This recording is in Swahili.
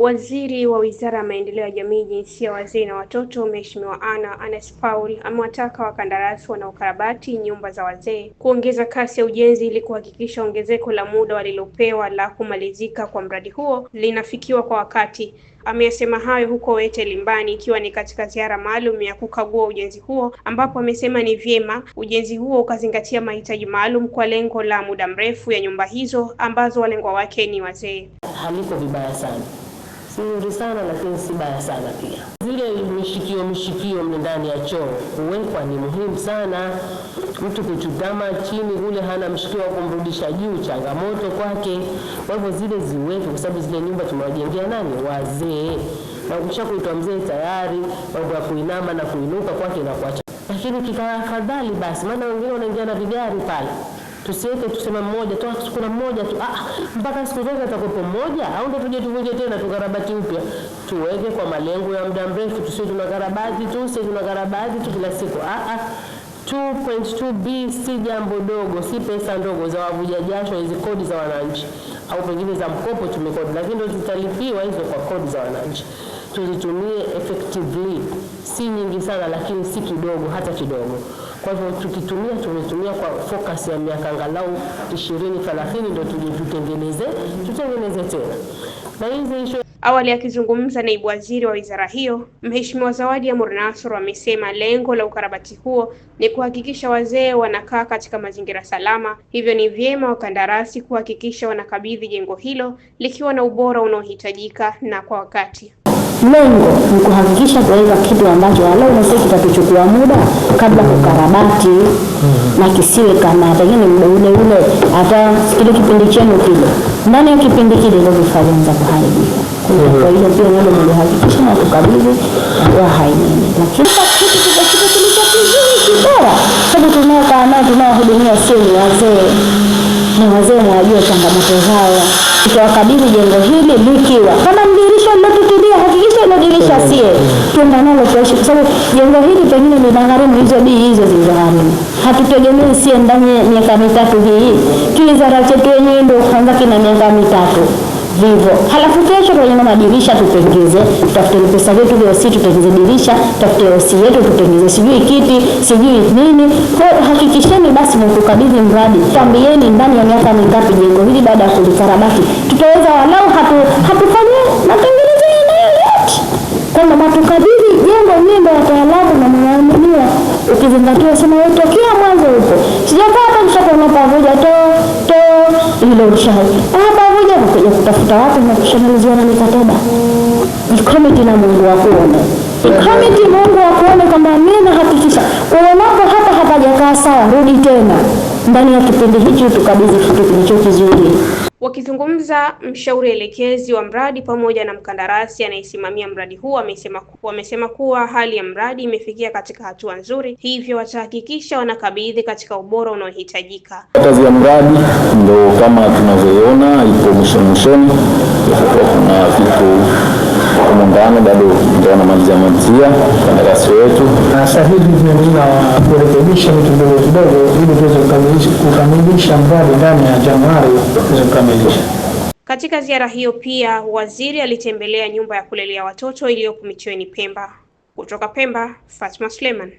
Waziri wa Wizara ya Maendeleo ya Jamii, Jinsia, Wazee na Watoto, Mheshimiwa Anna Anes Paul amewataka wakandarasi wanaokarabati nyumba za wazee kuongeza kasi ya ujenzi ili kuhakikisha ongezeko la muda walilopewa la kumalizika kwa mradi huo linafikiwa kwa wakati. Ameyasema hayo huko Wete Limbani ikiwa ni katika ziara maalum ya kukagua ujenzi huo, ambapo amesema ni vyema ujenzi huo ukazingatia mahitaji maalum kwa lengo la muda mrefu ya nyumba hizo ambazo walengwa wake ni wazee. Haliko vibaya sana si nzuri sana lakini si baya sana pia. Zile mishikio mishikio mle ndani ya choo huwekwa, ni muhimu sana. Mtu kuchutama chini kule hana mshikio wa kumrudisha juu, changamoto kwake. Kwa hivyo zile ziwekwe, kwa sababu zile nyumba tumewajengea nani, wazee, na ukisha kuitwa mzee tayari mambo ya kuinama na kuinuka kwake inakuacha, lakini kikawa afadhali basi, maana wengine wanaingia na vigari pale tusiweke tusema mmoja tu, kuna mmoja tu ah, mpaka siku zote atakuwepo mmoja, au ndio tuje tuvunje tena tukarabati upya? Tuweke kwa malengo ya muda mrefu, tusiwe tuna karabati tu, sisi karabati tu kila siku. Ah, ah, 2.2 B si jambo dogo, si pesa ndogo za wavuja jasho, hizi kodi za wananchi au pengine za mkopo tumekodi, lakini ndio zitalipiwa hizo kwa kodi za wananchi. Tuzitumie effectively, si nyingi sana, lakini si kidogo hata kidogo. Kwa hivyo tukitumia, tumetumia kwa focus ya miaka angalau 20 30, ndio tujitengeneze tutengeneze tena na hizi ishu. Awali akizungumza naibu waziri wa wizara hiyo Mheshimiwa Zawadi Amour Nasor amesema lengo la ukarabati huo ni kuhakikisha wazee wanakaa katika mazingira salama, hivyo ni vyema wakandarasi kuhakikisha wanakabidhi jengo hilo likiwa na ubora unaohitajika na kwa wakati lengo ni kuhakikisha tunaweza kitu ambacho walau nasi kitatuchukua muda kabla kukarabati mm-hmm. na kisiwe kama pengine muda ule ule, hata kile kipindi chenu kile, ndani ya kipindi kile ndio vifaa vinaanza kuharibika. Mm-hmm. Kwa hiyo pia nalo mlihakikisha na kukabidhi wa hainini, lakini kitu kile kitu kilicho kizuri kibora, sababu tunaokaa nao tunaohudumia sio ni wazee ni wazee, mwajua changamoto zao, tutawakabidhi jengo hili likiwa kama tulilisha sie, twenda nalo tuishi, kwa sababu jengo hili pengine ni linagharimu hizo bii hizo zilizogharimu. Hatutegemei sie ndani ya miaka mitatu hii kizara chetu wenyewe ndo kwanza kina miaka mitatu vivyo. Halafu kesho tunajenga madirisha tutengeze, tutafute pesa zetu vya OC tutengeze dirisha, tutafute osi yetu tutengeze sijui kiti sijui nini. Kwa hakikisheni basi mtukabidhi mradi, tambieni ndani ya miaka mitatu jengo hili baada ya kulikarabati tutaweza walau hatu hatufanye matengenezo kwamba natukabidhi jengo mimba ya taalamu na mnaaminiwa, ukizingatia sema yote kila mwanzo huko sijakaa hapa mshaka unapavuja to to ile ushahidi hapa vuja kuja kutafuta wapi na kushanalizia na mikataba ikromiti na Mungu akuone ikromiti, Mungu akuone kwamba mimi nahakikisha uonapo hapa hapajakaa sawa, rudi tena ndani ya kipindi hichi tukabidhi kitu kilicho kizuri. Wakizungumza, mshauri elekezi wa mradi pamoja na mkandarasi anayesimamia mradi huu amesema wamesema kuwa hali ya mradi imefikia katika hatua nzuri, hivyo watahakikisha wanakabidhi katika ubora unaohitajika. Kazi ya mradi ndio kama tunavyoiona ipo mwishoni mwishoni, kuna vitu kwa muungano bado ndio namalizia malizia kandarasi wetu na ah, sasa hivi tunaendelea kurekebisha vitu vidogo vidogo ili tuweze kukamilisha mradi ndani ya Januari tuweze kukamilisha. Katika ziara hiyo pia waziri alitembelea nyumba ya kulelea watoto iliyopo Micheweni Pemba. Kutoka Pemba, Fatma Suleiman.